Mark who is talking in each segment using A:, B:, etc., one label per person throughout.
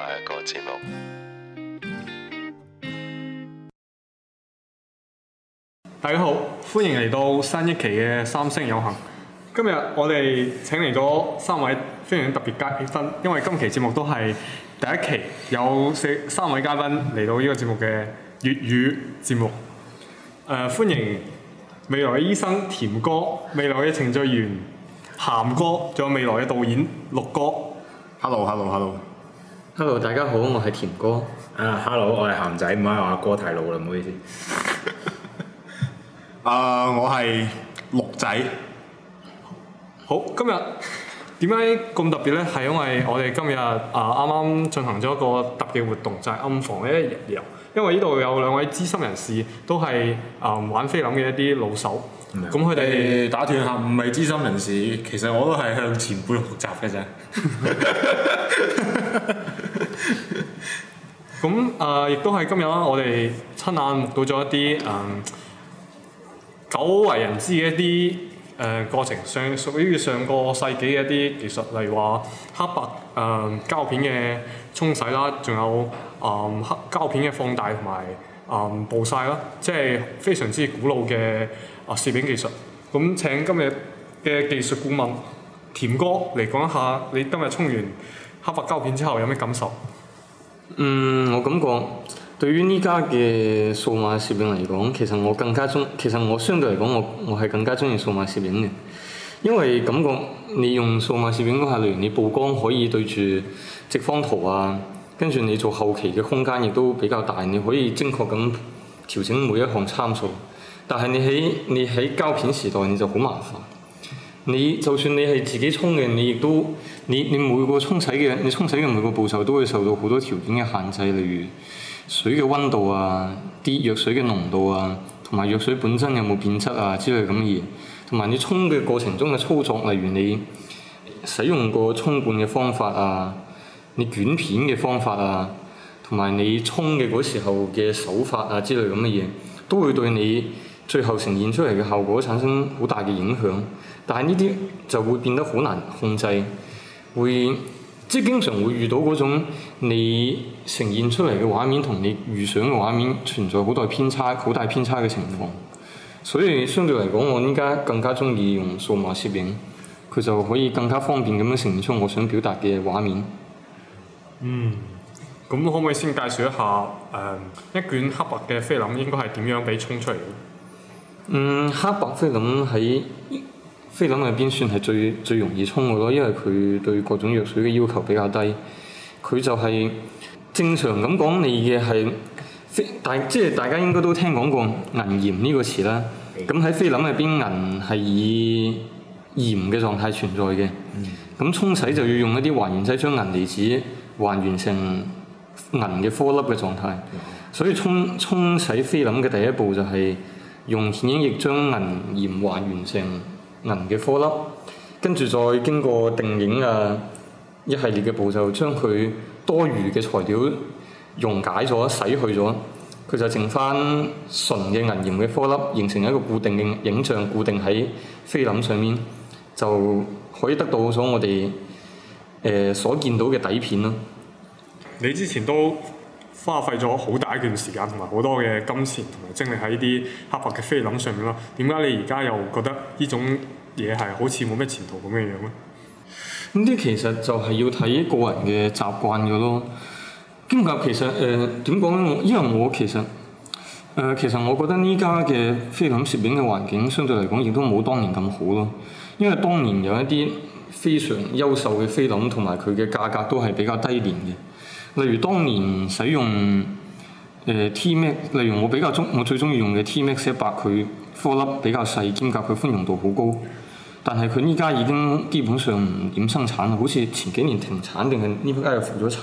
A: 下一個節目，
B: 大家好，歡迎嚟到新一期嘅三星有行。今日我哋請嚟咗三位非常特別嘉賓，因為今期節目都係第一期，有四三位嘉賓嚟到呢個節目嘅粵語節目。誒、呃，歡迎未來嘅醫生甜哥，未來嘅程序員咸哥，仲有未來嘅導演陸哥。Hello，Hello，Hello hello。Hello.
C: Hello，大家好，我係甜哥。
A: 啊、uh,，Hello，我係咸仔，唔係我阿哥太老啦，唔好意思。啊，uh, 我係陸仔。
B: 好，今日點解咁特別呢？係因為我哋今日啊啱啱進行咗一個特別活動，就係、是、暗房一日遊。因為呢度有兩位資深人士都，都係啊玩菲林嘅一啲老手。咁佢哋打斷下，唔係資深人士，其實我都係向前輩學習嘅啫。 咁誒，亦、呃、都係今日啦，我哋親眼目睹咗一啲誒久為人知嘅一啲誒、嗯、過程上屬於上個世紀嘅一啲技術，例如話黑白誒、嗯、膠片嘅沖洗啦，仲有誒黑、嗯、膠片嘅放大同埋誒曝曬啦，即係非常之古老嘅啊攝影技術。咁請今日嘅技術顧問甜哥嚟講一下，你今日沖完黑白膠片之後有咩感受？
C: 嗯，我感覺對於呢家嘅數碼攝影嚟講，其實我更加中，其實我相對嚟講，我我係更加中意數碼攝影嘅，因為感覺你用數碼攝影嘅話，例如，你曝光可以對住直方圖啊，跟住，你做後期嘅空間亦都比較大，你可以精確咁調整每一項參數，但係你喺你喺膠片時代，你就好麻煩，你就算你係自己沖嘅，你亦都。你你每個沖洗嘅，你沖洗嘅每個步驟都會受到好多條件嘅限制，例如水嘅溫度啊，啲藥水嘅濃度啊，同埋藥水本身有冇變質啊之類咁嘅嘢，同埋你沖嘅過程中嘅操作，例如你使用過沖罐嘅方法啊，你捲片嘅方法啊，同埋你沖嘅嗰時候嘅手法啊之類咁嘅嘢，都會對你最後呈現出嚟嘅效果產生好大嘅影響，但係呢啲就會變得好難控制。會即係經常會遇到嗰種你呈現出嚟嘅畫面同你預想嘅畫面存在好大偏差、好大偏差嘅情況，所以相對嚟講，我依家更加鍾意用數碼攝影，佢就可以更加方便咁樣呈現出我想表達嘅畫面。嗯，咁可唔可以先介紹一下誒、嗯、一卷黑白嘅菲林應該係點樣俾沖出嚟？嗯，黑白菲林喺。菲林入邊算係最最容易沖嘅咯，因為佢對各種藥水嘅要求比較低。佢就係正常咁講，你嘅係菲大即係、就是、大家應該都聽講過銀鹽呢個詞啦。咁喺菲林入邊，銀係以鹽嘅狀態存在嘅。咁沖、嗯、洗就要用一啲還原劑將銀離子還原成銀嘅顆粒嘅狀態。嗯、所以沖沖洗菲林嘅第一步就係用顯影液將銀鹽還原成。銀嘅顆粒，跟住再經過定影嘅、啊、一系列嘅步驟，將佢多餘嘅材料溶解咗、洗去咗，佢就剩翻純嘅銀鹽嘅顆粒，形成一個固定嘅影像，固定喺菲林上面，就可以得到咗我哋誒、呃、所見到嘅底片啦。
B: 你之前都，花費咗好大一段時間同埋好多嘅金錢同埋精力喺啲黑白嘅菲林上面咯。點解你而家又覺得呢種嘢係好似冇咩前途咁嘅樣呢？
C: 咁啲其實就係要睇個人嘅習慣嘅咯。兼夾其實誒點講咧？因為我其實誒、呃、其實我覺得呢家嘅菲林攝影嘅環境相對嚟講亦都冇當年咁好咯。因為當年有一啲非常優秀嘅菲林同埋佢嘅價格都係比較低廉嘅。例如當年使用誒、呃、T Max，例如我比較中，我最中意用嘅 T Max 一百，佢顆粒比較細，兼夾佢寬容度好高。但係佢依家已經基本上唔點生產啦，好似前幾年停產定係呢家又復咗產。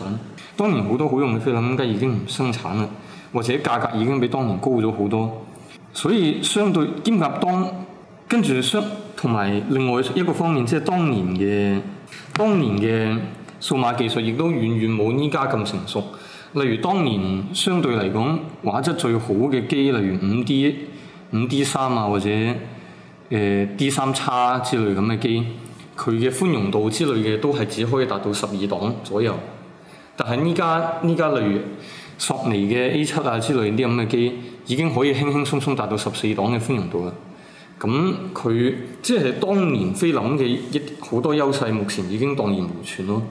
C: 當年好多好用嘅菲林，依家已經唔生產啦，或者價格已經比當年高咗好多。所以相對兼夾當跟住相同埋另外一個方面，即係當年嘅當年嘅。數碼技術亦都遠遠冇呢家咁成熟。例如當年相對嚟講畫質最好嘅機，例如五 D, 五 D、啊、五 D 三啊或者誒、呃、D 三 X 之類咁嘅機，佢嘅寬容度之類嘅都係只可以達到十二檔左右。但係呢家呢家例如索尼嘅 A 七啊之類啲咁嘅機，已經可以輕輕鬆鬆達到十四檔嘅寬容度啦。咁佢即係當年菲林嘅一好多優勢，目前已經蕩然無存咯。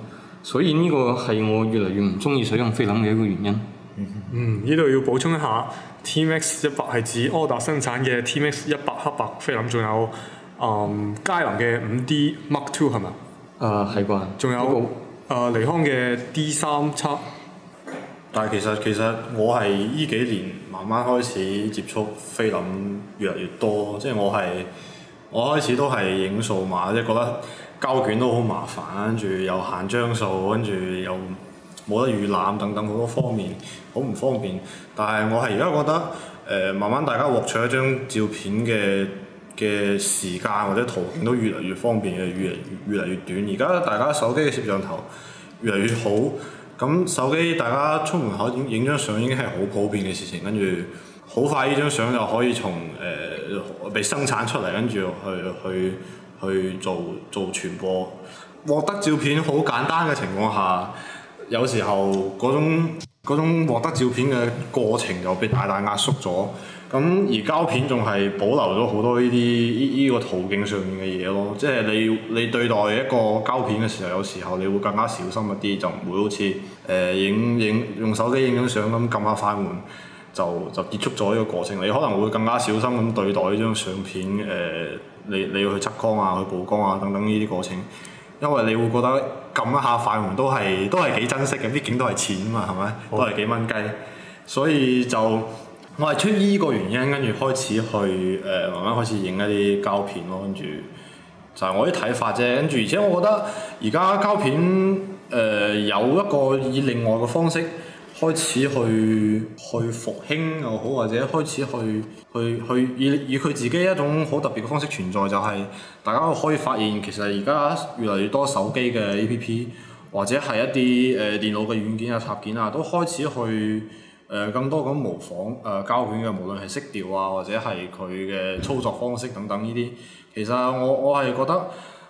C: 所以呢個係我越嚟越唔中意使用菲林嘅一個原因。嗯，呢度要補充一下，T-Max 一百係指
B: 柯達生產嘅 T-Max 一百黑白菲林，仲有佳能嘅五 D Mark Two 係咪啊？誒
A: 係啩。仲有誒、那個呃、尼康嘅 D 三七。但係其實其實我係呢幾年慢慢開始接觸菲林越嚟越多，即係我係我開始都係影數碼，即係覺得。膠卷都好麻煩，跟住又限張數，跟住又冇得預覽等等，好多方面，好唔方便。但係我係而家覺得，誒、呃、慢慢大家獲取一張照片嘅嘅時間或者途徑都越嚟越方便嘅，越嚟越嚟越、越短。而家大家手機嘅攝像頭越嚟越好，咁手機大家出門口影影張相已經係好普遍嘅事情，跟住好快呢張相就可以從誒、呃、被生產出嚟，跟住去去。去去做做傳播，獲得照片好簡單嘅情況下，有時候嗰種嗰種獲得照片嘅過程就被大大壓縮咗。咁而膠片仲係保留咗好多呢啲呢個途徑上面嘅嘢咯。即係你你對待一個膠片嘅時候，有時候你會更加小心一啲，就唔會好似誒影影用手機影張相咁撳下快門就就結束咗呢個過程。你可能會更加小心咁對待呢張相片誒。呃你你要去測光啊、去曝光啊等等呢啲過程，因為你會覺得撳一下快門都係都係幾珍惜嘅，畢竟都係錢啊嘛，係咪 Okay. 都係幾蚊雞，所以就我係出呢個原因跟住開始去誒慢慢開始影一啲膠片咯，跟住就係我啲睇法啫，跟住而且我覺得而家膠片誒、呃、有一個以另外嘅方式。開始去去復興又好，或者開始去去去以以佢自己一種好特別嘅方式存在，就係、是、大家可以發現，其實而家越嚟越多手機嘅 APP 或者係一啲誒、呃、電腦嘅軟件啊、插件啊，都開始去誒更、呃、多咁模仿誒、呃、膠片嘅，無論係色調啊，或者係佢嘅操作方式等等呢啲。其實我我係覺得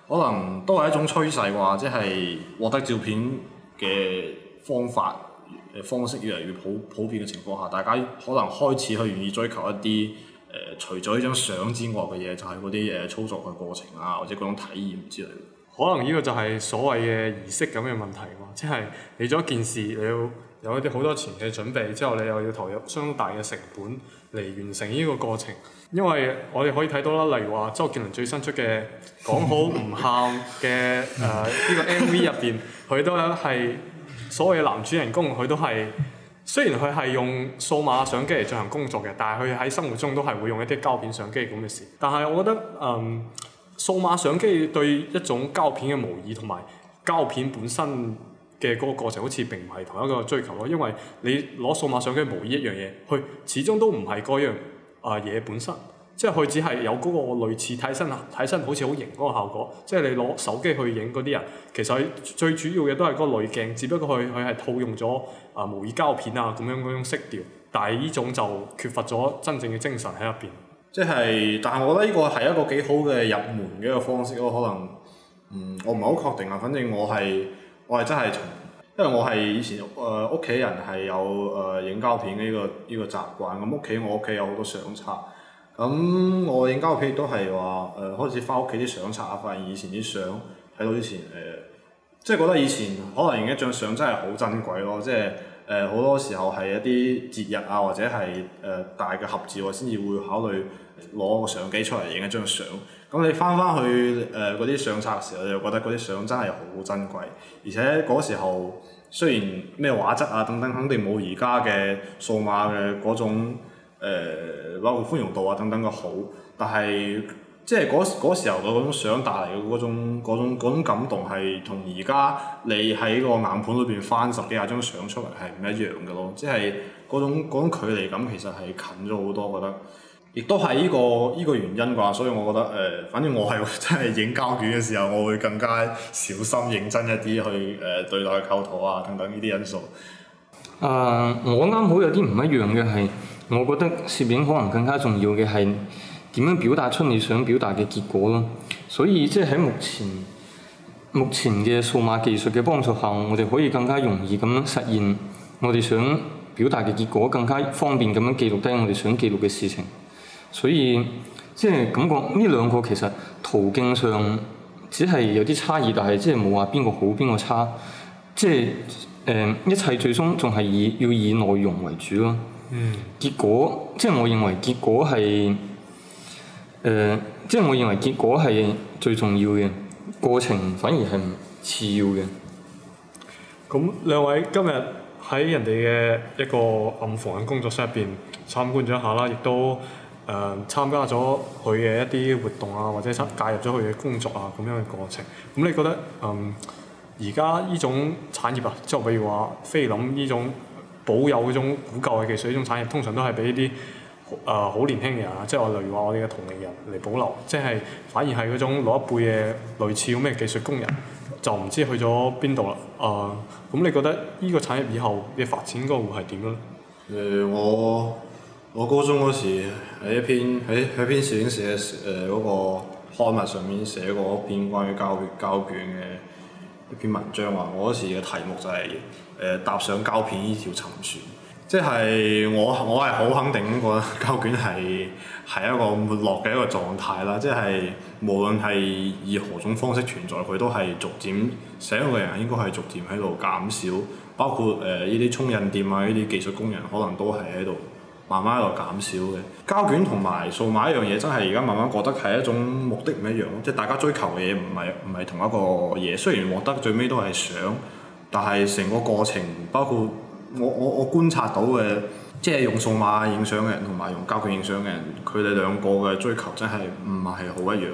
A: 可能都係一種趨勢或者係獲得照片嘅方法。方式越嚟越普普遍嘅情況下，大家可能開始去願意追求一啲誒、呃、除咗呢張相之外嘅嘢，就係嗰啲誒操作嘅過程啊，或者嗰種體驗之類。
B: 可能呢個就係所謂嘅儀式咁嘅問題喎，即係你做一件事，你要有一啲好多前期嘅準備，之後你又要投入相當大嘅成本嚟完成呢個過程。因為我哋可以睇到啦，例如話周杰倫最新出嘅《講好唔喊》嘅誒呢個 MV 入邊，佢 都係。所謂男主人公佢都係，雖然佢係用數碼相機嚟進行工作嘅，但係佢喺生活中都係會用一啲膠片相機咁嘅事。但係我覺得，嗯，數碼相機對一種膠片嘅模擬同埋膠片本身嘅嗰個過程，好似並唔係同一個追求咯。因為你攞數碼相機模擬一樣嘢，佢始終都唔係嗰樣啊嘢，呃，本身。即係佢只係有嗰個類似睇起身、睇起身好似好型嗰個效果。即係你攞手機去影嗰啲人，其實係最主要嘅都係嗰個濾鏡，只不過佢佢係套用咗啊模擬膠片啊咁樣嗰種色調。但係呢種就缺乏咗真正嘅精神
A: 喺入邊。即係，但係我覺得呢個係一個幾好嘅入門嘅一個方式咯。我可能，嗯，我唔係好確定啊。反正我係我係真係從，因為我係以前誒屋企人係有誒影、呃、膠片呢個呢個習慣。咁屋企我屋企有好多相冊。咁、嗯、我影膠片都係話，誒、呃、開始翻屋企啲相冊啊，發現以前啲相，睇到以前誒，即、呃、係、就是、覺得以前可能影一張相真係好珍貴咯，即係誒好多時候係一啲節日啊或者係誒、呃、大嘅合照先至會考慮攞個相機出嚟影一張相。咁你翻翻去誒嗰啲相冊嘅時候，你就覺得嗰啲相真係好珍貴，而且嗰時候雖然咩畫質啊等等肯定冇而家嘅數碼嘅嗰種。誒，包括寬容度啊等等嘅好，但係即係嗰時候嘅嗰種相帶嚟嘅嗰種嗰種感動係同而家你喺個硬盤裏邊翻十幾廿張相出嚟係唔一樣嘅咯，即係嗰種嗰種距離感其實係近咗好多，覺得亦都係呢個呢個原因啩，所以我覺得誒、呃，反正我係真係影膠卷嘅時候，我會更加小心認真一啲去誒對待構圖啊等等呢啲因素。誒、
C: 呃呃，我啱好有啲唔一樣嘅係。我覺得攝影可能更加重要嘅係點樣表達出你想表達嘅結果咯。所以即係喺目前目前嘅數碼技術嘅幫助下，我哋可以更加容易咁樣實現我哋想表達嘅結果，更加方便咁樣記錄低我哋想記錄嘅事情。所以即係感覺呢兩個其實途徑上只係有啲差異，但係即係冇話邊個好，邊個差。即係誒一切最終仲係要以要以內容為主咯。嗯，結果即係、就是、我認為結果係，誒、呃，即、就、係、是、我認為結果係最重要嘅，過程反而係次要嘅。
B: 咁兩位今日喺人哋嘅一個暗房嘅工作室入邊參觀咗一下啦，亦都誒、呃、參加咗佢嘅一啲活動啊，或者參介入咗佢嘅工作啊咁樣嘅過程。咁你覺得嗯，而家呢種產業啊，即係比如話菲林呢種。保有嗰種古舊嘅技術，呢種產業通常都係俾啲誒好年輕嘅人啊，即係我例如話我哋嘅同齡人嚟保留，即係反而係嗰種老一輩嘅類似咁咩技術工人，就唔知去咗邊度啦。誒、呃，咁你覺得呢個產業以後嘅發展應該會係點樣
A: 咧？誒、呃，我我高中嗰時喺一篇喺喺篇攝影社誒嗰個刊物上面寫過一篇關於膠膠卷嘅一篇文章，話我嗰時嘅題目就係、是。誒搭、呃、上膠片呢條沉船，即係我我係好肯定咁覺得膠卷係係一個沒落嘅一個狀態啦。即係無論係以何種方式存在，佢都係逐漸使用嘅人應該係逐漸喺度減少，包括誒呢啲沖印店啊、呢啲技術工人可能都係喺度慢慢喺度減少嘅。膠卷同埋數碼一樣嘢，真係而家慢慢覺得係一種目的唔一樣，即係大家追求嘅嘢唔係唔係同一個嘢。雖然獲得最尾都係想。但係成個過程，包括我我我觀察到嘅，即係用數碼影相嘅人，同埋用膠卷影相嘅人，佢哋兩個嘅追求真係唔係好一樣。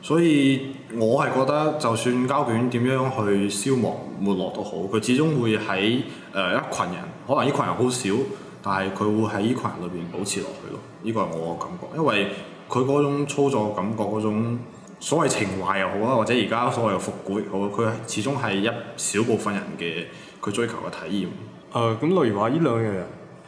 A: 所以我係覺得，就算膠卷點樣去消亡沒落都好，佢始終會喺誒、呃、一群人，可能呢群人好少，但係佢會喺呢群人裏邊保持落去咯。呢個係我嘅感覺，因為佢嗰種操作感覺嗰種。所謂情懷又好啦，或者而家所謂嘅復古又好，佢始終係一小部分人嘅佢追求嘅體驗。誒、呃，咁例如話呢兩樣嘢，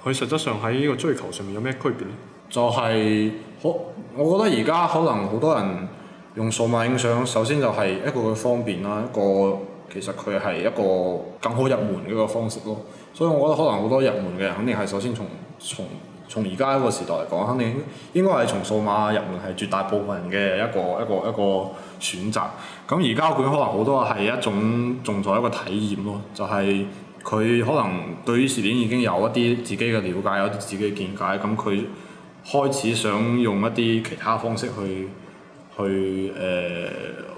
A: 佢實質上喺呢個追求上面有咩區別咧？就係、是、可，我覺得而家可能好多人用數碼影相，首先就係一個佢方便啦，一個其實佢係一個更好入門嘅一個方式咯。所以，我覺得可能好多入門嘅人，肯定係首先從從。從從而家一個時代嚟講，肯定應該係從數碼入門係絕大部分人嘅一個一個一個選擇。咁而膠卷可能好多係一種仲在一個體驗咯，就係、是、佢可能對於事件已經有一啲自己嘅了解，有啲自己嘅見解。咁佢開始想用一啲其他方式去去誒、呃、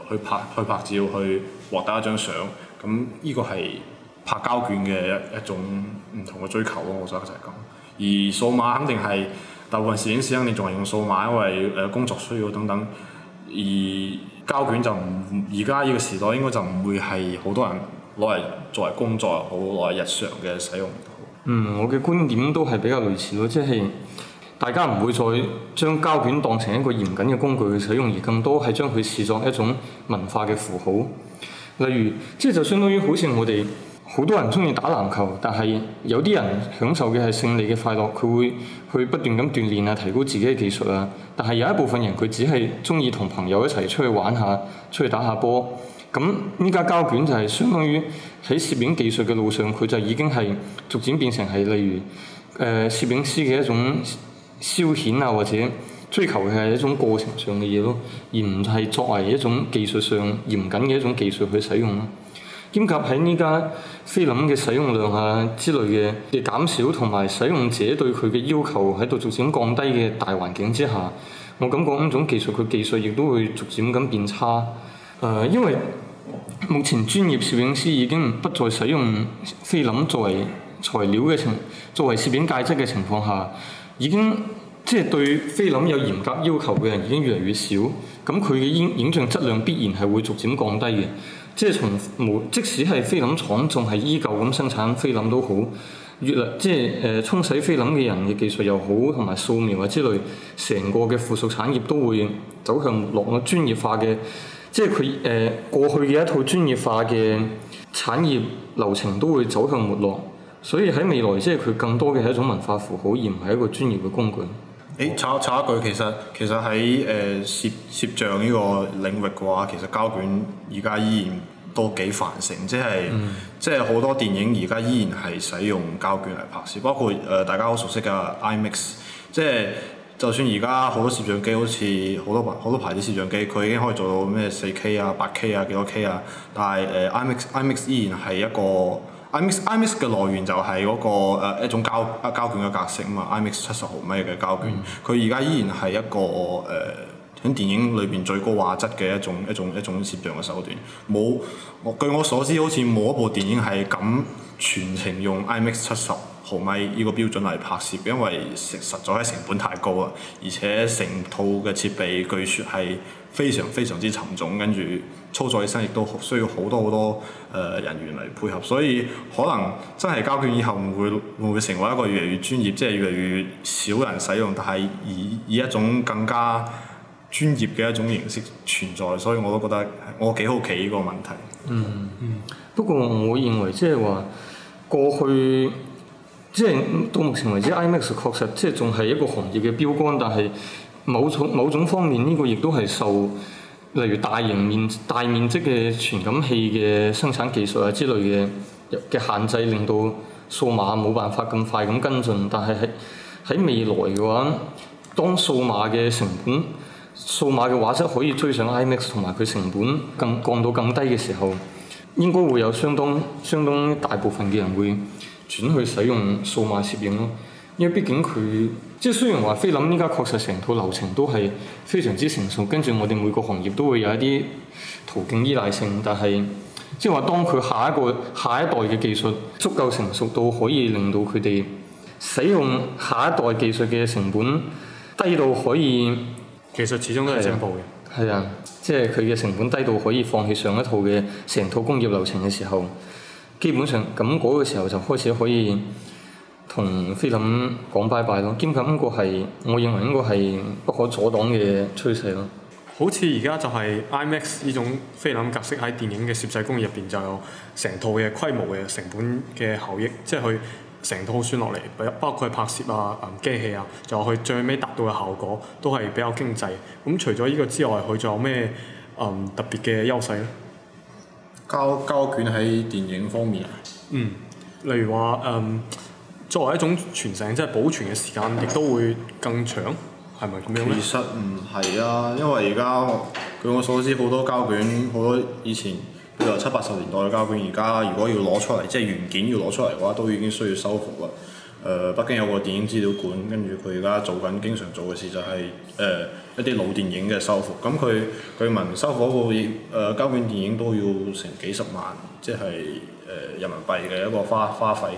A: 去拍去拍照去獲得一張相。咁呢個係拍膠卷嘅一一種唔同嘅追求咯。我覺得就係咁。而數碼肯定係大部分攝影師，肯定仲係用數碼，因為誒工作需要等等。而膠卷就唔，而家呢個時代應該就唔會係好多人攞嚟作為工作，又好，攞嚟日常嘅使
C: 用。嗯，我嘅觀點都係比較類似咯，即係大家唔會再將膠卷當成一個嚴謹嘅工具去使用，而更多係將佢視作一種文化嘅符號。例如，即係就相當於好似我哋。好多人鍾意打籃球，但係有啲人享受嘅係勝利嘅快樂，佢會去不斷咁鍛鍊啊，提高自己嘅技術啊。但係有一部分人佢只係鍾意同朋友一齊出去玩下，出去打下波。咁呢家膠卷就係相當於喺攝影技術嘅路上，佢就已經係逐漸變成係例如誒攝影師嘅一種消遣啊，或者追求嘅係一種過程上嘅嘢咯，而唔係作為一種技術上嚴謹嘅一種技術去使用咯。兼及喺呢家菲林嘅使用量啊之類嘅嘅減少，同埋使用者對佢嘅要求喺度逐漸降低嘅大環境之下，我感覺呢種技術佢技術亦都會逐漸咁變差。誒、呃，因為目前專業攝影師已經不再使用菲林作為材料嘅情，作為攝影介質嘅情況下，已經。即係對菲林有嚴格要求嘅人已經越嚟越少，咁佢嘅影像質量必然係會逐漸降低嘅。即係從無，即使係菲林廠仲係依舊咁生產菲林都好，越嚟即係誒沖洗菲林嘅人嘅技術又好，同埋掃描啊之類，成個嘅附屬產業都會走向沒落咯。專業化嘅，即係佢誒過去嘅一套專業化嘅產業流程都會走向沒落，所以喺未來即係佢更多嘅係一種文化符號，而唔係一個專業嘅工具。
A: 誒，插插、欸、一句，其實其實喺誒攝攝像呢個領域嘅話，其實膠卷而家依然都幾繁盛，即係、嗯、即係好多電影而家依然係使用膠卷嚟拍攝，包括誒、呃、大家好熟悉嘅 IMAX，即係就算而家好多攝像機好似好多牌好多牌子攝像機，佢已經可以做到咩四 K 啊、八 K 啊、幾多 K 啊，但係誒、呃、IMAX IMAX 依然係一個。IMAX IMAX 嘅來源就係嗰、那個、uh, 一種膠啊、uh, 膠卷嘅格式啊嘛，IMAX 七十毫米嘅膠卷，佢而家依然係一個誒喺、uh, 電影裏邊最高畫質嘅一種一種一種攝像嘅手段。冇我、uh, 據我所知，好似冇一部電影係咁全程用 IMAX 七十毫米呢個標準嚟拍攝，因為實在係成本太高喇，而且成套嘅設備據説係非常非常之沉重，跟住，操作起身亦都需要好多好多誒人員嚟配合，所以可能真係膠卷以後會會會成為一個越嚟越專業即係、就是、越嚟越少人使用，但係以以一種更加專業嘅一種形式存在，所以我都覺得我幾好奇呢個問題。嗯嗯，
C: 不過我認為即係話過去即係、就是、到目前為止 IMAX 確實即係仲係一個行業嘅標杆，但係某種某種方面呢個亦都係受。例如大型面大面積嘅傳感器嘅生產技術啊之類嘅嘅限制，令到數碼冇辦法咁快咁跟進，但係喺喺未來嘅話，當數碼嘅成本、數碼嘅畫質可以追上 IMAX，同埋佢成本更降到更低嘅時候，應該會有相當相當大部分嘅人會轉去使用數碼攝影咯。因為畢竟佢即係雖然話菲林依家確實成套流程都係非常之成熟，跟住我哋每個行業都會有一啲途徑依賴性，但係即係話當佢下一個下一代嘅技術足夠成熟到可以令到佢哋使用下一代技術嘅成本低到可以，其實始終都係進步嘅。係啊，即係佢嘅成本低到可以放棄上一套嘅成套工業流程嘅時候，基本上咁嗰個時候就開始可以。同菲林講拜拜咯，經過呢個係我認為應該係不可阻擋嘅趨勢咯。好似而家就係 IMAX 呢種菲林格式
B: 喺電影嘅攝製工業入邊就有成套嘅規模嘅成本嘅效益，即係佢成套算落嚟，包包括拍攝啊、嗯、機器啊，仲有佢最尾達到嘅效果都係比較經濟。咁除咗呢個之外，佢仲有咩、嗯、特別嘅優勢
A: 咧？膠卷喺電影方面啊、嗯，
B: 例如話
A: 作為一種傳承，即係保存嘅時間亦都會更長，係咪咁樣？其實唔係啊，因為而家據我所知，好多膠卷，好多以前譬如話七八十年代嘅膠卷，而家如果要攞出嚟，即係原件要攞出嚟嘅話，都已經需要修復啦。誒、呃，北京有個電影資料館，跟住佢而家做緊經常做嘅事就係、是、誒、呃、一啲老電影嘅修復。咁佢據聞修復一部誒、呃、膠卷電影都要成幾十萬，即係誒、呃、人民幣嘅一個花花費。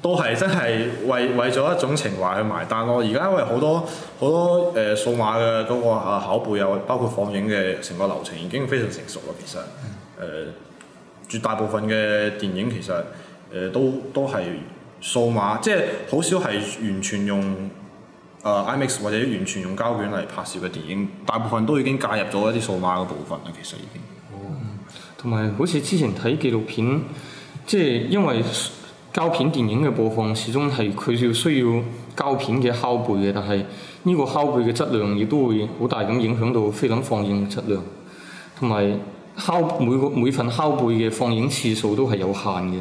A: 都係真係為為咗一種情懷去埋單咯。而家因為好多好多誒數碼嘅嗰個啊拷貝啊，包括放映嘅成個流程已經非常成熟啦。其實誒、嗯呃、絕大部分嘅電影其實誒、呃、都都係數碼，即係好少係完全用啊、呃、IMAX 或者完全用膠卷嚟拍攝嘅電影。大部分都已經介入咗一啲數碼嘅部分啦。其實已經。哦。
C: 同、嗯、埋好似之前睇紀錄片，即、就、係、是、因為。膠片電影嘅播放始終係佢要需要膠片嘅拷貝嘅，但係呢個拷貝嘅質量亦都會好大咁影響到菲林放映嘅質量，同埋拷每個每份拷貝嘅放映次數都係有限嘅，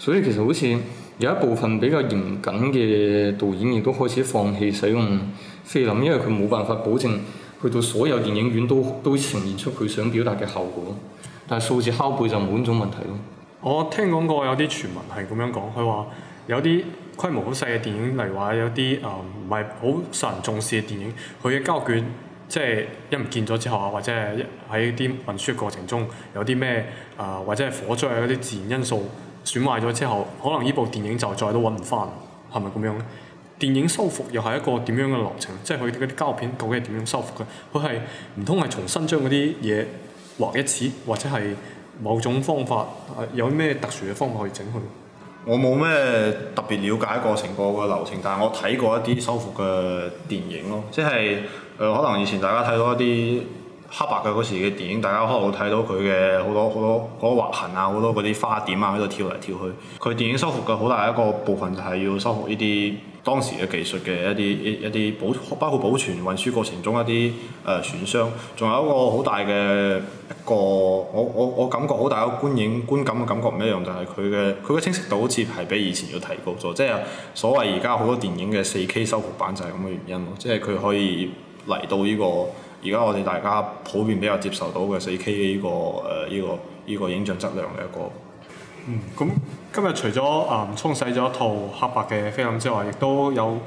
C: 所以其實好似有一部分比較嚴謹嘅導演亦都開始放棄使用菲林，因為佢冇辦法保證去到所有電影院都都呈現出佢想表達嘅效果，但係數字拷貝就冇呢種問題咯。我聽講過有啲傳聞係咁樣講，佢話有啲
B: 規模好細嘅電影，例如話有啲誒唔係好受人重視嘅電影，佢嘅膠卷即係一唔見咗之後啊，或者係喺啲運輸過程中有啲咩誒，或者係火災嗰啲自然因素損壞咗之後，可能呢部電影就再都揾唔翻，係咪咁樣咧？電影修復又係一個點樣嘅流程？即係佢啲膠片究竟係點樣修復嘅？佢係唔通係重新將嗰啲嘢畫一次，或者係？
A: 某種方法，有咩特殊嘅方法可以整佢？我冇咩特別了解過成個嘅流程，但係我睇過一啲修復嘅電影咯，即係誒、呃、可能以前大家睇到一啲黑白嘅嗰時嘅電影，大家可能會睇到佢嘅好多好多嗰個劃痕啊，好多嗰啲花點啊喺度跳嚟跳去。佢電影修復嘅好大一個部分就係要修復呢啲。當時嘅技術嘅一啲一啲保包括保存、運輸過程中一啲誒損傷，仲、呃、有一個好大嘅一個，我我我感覺好大個觀影觀感嘅感覺唔一樣，就係佢嘅佢嘅清晰度好似係比以前要提高咗，即係所謂而家好多電影嘅四 k 修復版就係咁嘅原因咯，即係佢可以嚟到呢、這個而家我哋大家普遍比較接受到嘅四 k 呢、這個誒呢、呃這個呢、這個影像質量嘅一個。嗯，咁今日除咗誒、嗯、沖洗咗一套
B: 黑白嘅菲林之外，亦都有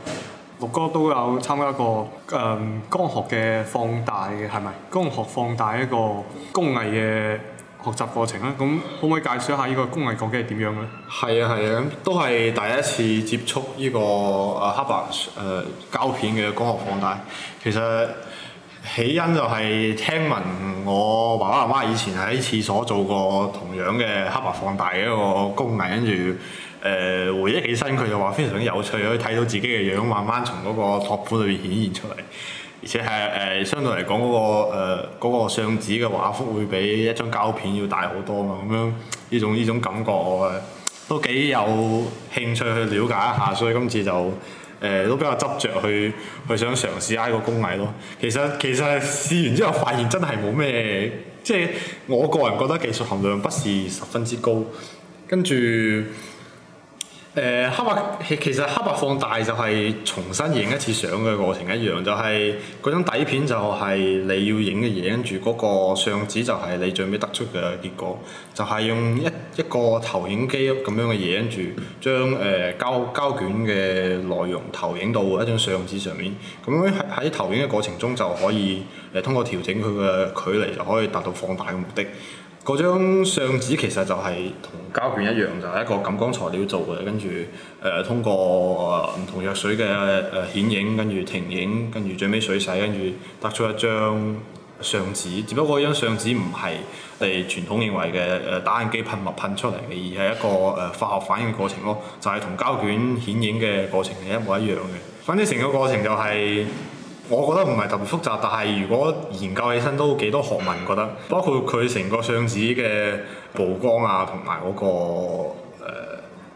B: 六哥都有參加過誒、嗯、光學嘅放大嘅係咪？光學放大一個工藝嘅學習過程咧，咁可唔可以介紹一下呢個工藝究竟係點樣咧？係啊
A: 係啊，都係第一次接觸呢、呢個誒黑白誒膠片嘅光學放大，其實。起因就係聽聞我爸爸媽媽以前喺廁所做過同樣嘅黑白放大嘅一個工藝，跟住誒回憶起身，佢就話非常有趣，可以睇到自己嘅樣慢慢從嗰個托盤裏面顯現出嚟，而且係誒、呃、相對嚟講嗰個誒嗰個相紙嘅畫幅會比一張膠片要大好多嘛，咁樣呢種呢種感覺我都幾有興趣去了解一下，所以今次就。誒都比較執着去去想嘗試挨個工藝咯，其實其實試完之後發現真係冇咩，即係我個人覺得技術含量不是十分之高，跟住。誒、呃、黑白其實黑白放大就係重新影一次相嘅過程一樣，就係嗰張底片就係你要影嘅嘢，跟住嗰個相紙就係你最尾得出嘅結果，就係、是、用一一個投影機咁樣嘅嘢，跟住將誒、呃、膠膠卷嘅內容投影到一張相紙上面，咁樣喺投影嘅過程中就可以誒通過調整佢嘅距離就可以達到放大嘅目的。嗰張相紙其實就係同膠卷一樣，就係、是、一個感光材料做嘅，跟住誒、呃、通過唔同藥水嘅誒顯影，跟住停影，跟住最尾水洗，跟住得出一張相紙。只不過張相紙唔係係傳統認為嘅誒打印機噴墨噴出嚟嘅，而係一個誒化學反應嘅過程咯，就係、是、同膠卷顯影嘅過程係一模一樣嘅。反正成個過程就係、是。我覺得唔係特別複雜，但係如果研究起身都幾多學問。覺得包括佢成個相紙嘅曝光啊，同埋嗰個誒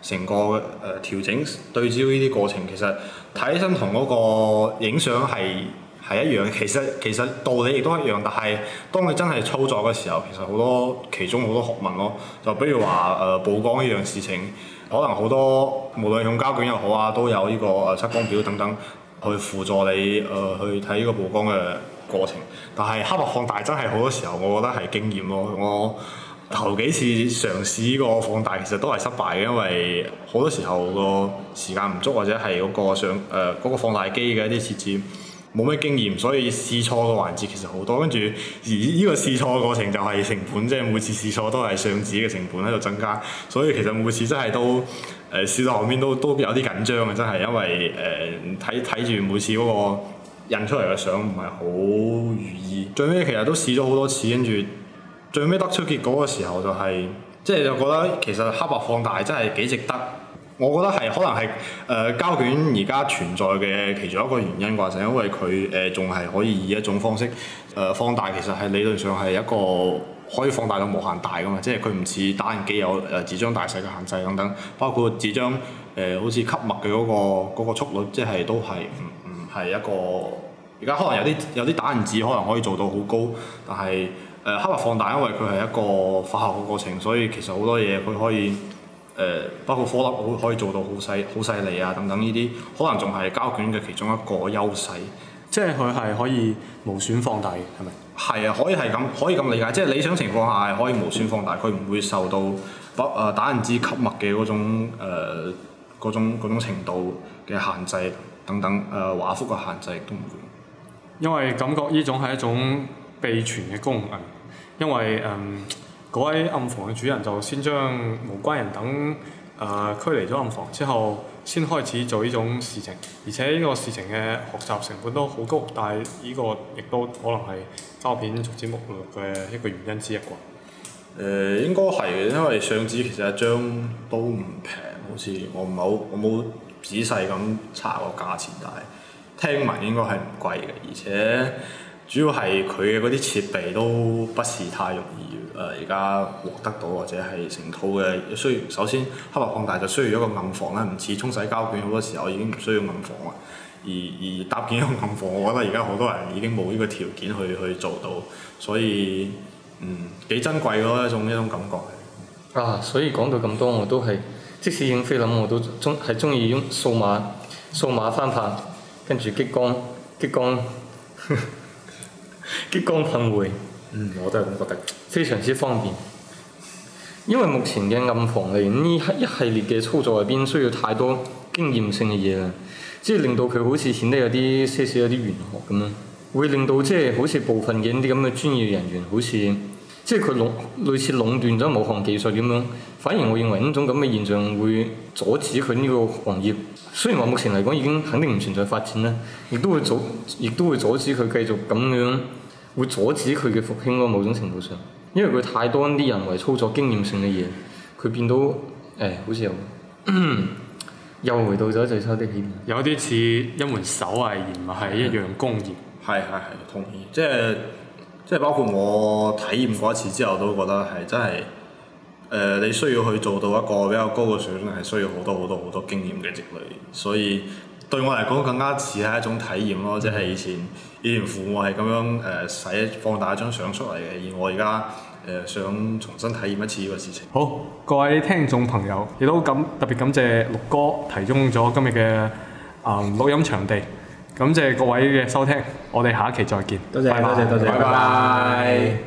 A: 成、呃、個誒調整對焦呢啲過程，其實睇起身同嗰個影相係係一樣。其實其實道理亦都一樣，但係當你真係操作嘅時候，其實好多其中好多學問咯。就比如話誒曝光呢樣事情，可能好多無論用膠卷又好啊，都有呢個誒測光表等等。去輔助你誒、呃、去睇呢個曝光嘅過程，但係黑白放大真係好多時候，我覺得係經驗咯。我頭幾次嘗試呢個放大，其實都係失敗嘅，因為好多時候個時間唔足，或者係嗰個相誒嗰個放大機嘅一啲設置。冇咩經驗，所以試錯個環節其實好多，跟住而呢個試錯過程就係成本，即係每次試錯都係相紙嘅成本喺度增加，所以其實每次真係都誒、呃、試到後面都都有啲緊張嘅，真係因為誒睇睇住每次嗰個印出嚟嘅相唔係好如意，最尾其實都試咗好多次，跟住最尾得出結果嘅時候就係即係就覺得其實黑白放大真係幾值得。我覺得係可能係誒、呃、膠卷而家存在嘅其中一個原因啩，就係因為佢誒仲係可以以一種方式誒、呃、放大，其實係理論上係一個可以放大到無限大噶嘛，即係佢唔似打印機有誒紙張大細嘅限制等等，包括紙張誒、呃、好似吸墨嘅嗰、嗰個嗰個速率，即係都係唔唔係一個而家可能有啲有啲打印紙可能可以做到好高，但係誒、呃、黑白放大，因為佢係一個發酵嘅過程，所以其實好多嘢佢可以。誒，包括顆粒，可可以做到好細好細膩啊，等等呢啲，可能仲係膠卷嘅其中一個優勢。即係佢係可以無損放大嘅，係咪？係啊，可以係咁，可以咁理解。即係理想情況下係可以無損放大，佢唔會受到不誒打印機吸墨嘅嗰種誒嗰、呃、種、種程度嘅限制等等誒畫、呃、幅嘅限制都唔會。
B: 因為感覺呢種係一種秘傳嘅功能，因為誒。嗯嗰位暗房嘅主人就先將無關人等誒驅、呃、離咗暗房之後，先開始做呢種事情，而且呢個事情嘅學習成本都好高，但係呢個亦都可能係膠片逐漸沒落嘅一個原因之一啩？
A: 誒、呃，應該係因為相紙其實一張都唔平，好似我唔係好我冇仔細咁查過價錢，但係聽聞應該係唔貴嘅，而且。主要係佢嘅嗰啲設備都不是太容易誒，而家獲得到或者係成套嘅。需要首先黑白放大就需要一個暗房啦，唔似沖洗膠卷好多時候已經唔需要暗房啦。而而搭建一個暗房，我覺得而家好多人已經
C: 冇呢個條件去去做到，所以嗯幾珍貴咯一種一種，一種感覺。啊，所以講到咁多，我都係即使影菲林我都中係中意用數碼數碼翻拍，跟住激光激光。激光 激光噴繪，嗯，我都係咁覺得，非常之方便。因為目前嘅暗房嚟呢一系列嘅操作入邊，需要太多經驗性嘅嘢啦，即係令到佢好似顯得有啲些少有啲玄學咁樣，會令到即係好似部分嘅呢啲咁嘅專業人員好似。即係佢壟類似壟斷咗某項技術咁樣，反而我認為呢種咁嘅現象會阻止佢呢個行業。雖然話目前嚟講已經肯定唔存在發展啦，亦都會阻，亦都會阻止佢繼續咁樣，會阻止佢嘅復興咯。某種程度上，因為佢太多啲人為操作經驗性嘅嘢，佢變到誒、哎、好似又又回到咗最初的起點，有啲似一門手藝，而唔係一樣工業。係係
A: 係，同意，即係是。嗯即係包括我體驗過一次之後，都覺得係真係誒、呃、你需要去做到一個比較高嘅水平，係需要好多好多好多經驗嘅積累。所以對我嚟講，更加似係一種體驗咯。即、就、係、是、以前以前父母係咁樣誒使、呃、放大一張相出嚟嘅，而我而家誒想重新體驗一次呢個事情。好，
B: 各位聽眾朋友，亦都感特別感謝陸哥提供咗今日嘅啊錄音場地。感謝各位嘅收聽，我哋下一期再見。多謝，多謝，多謝，拜拜。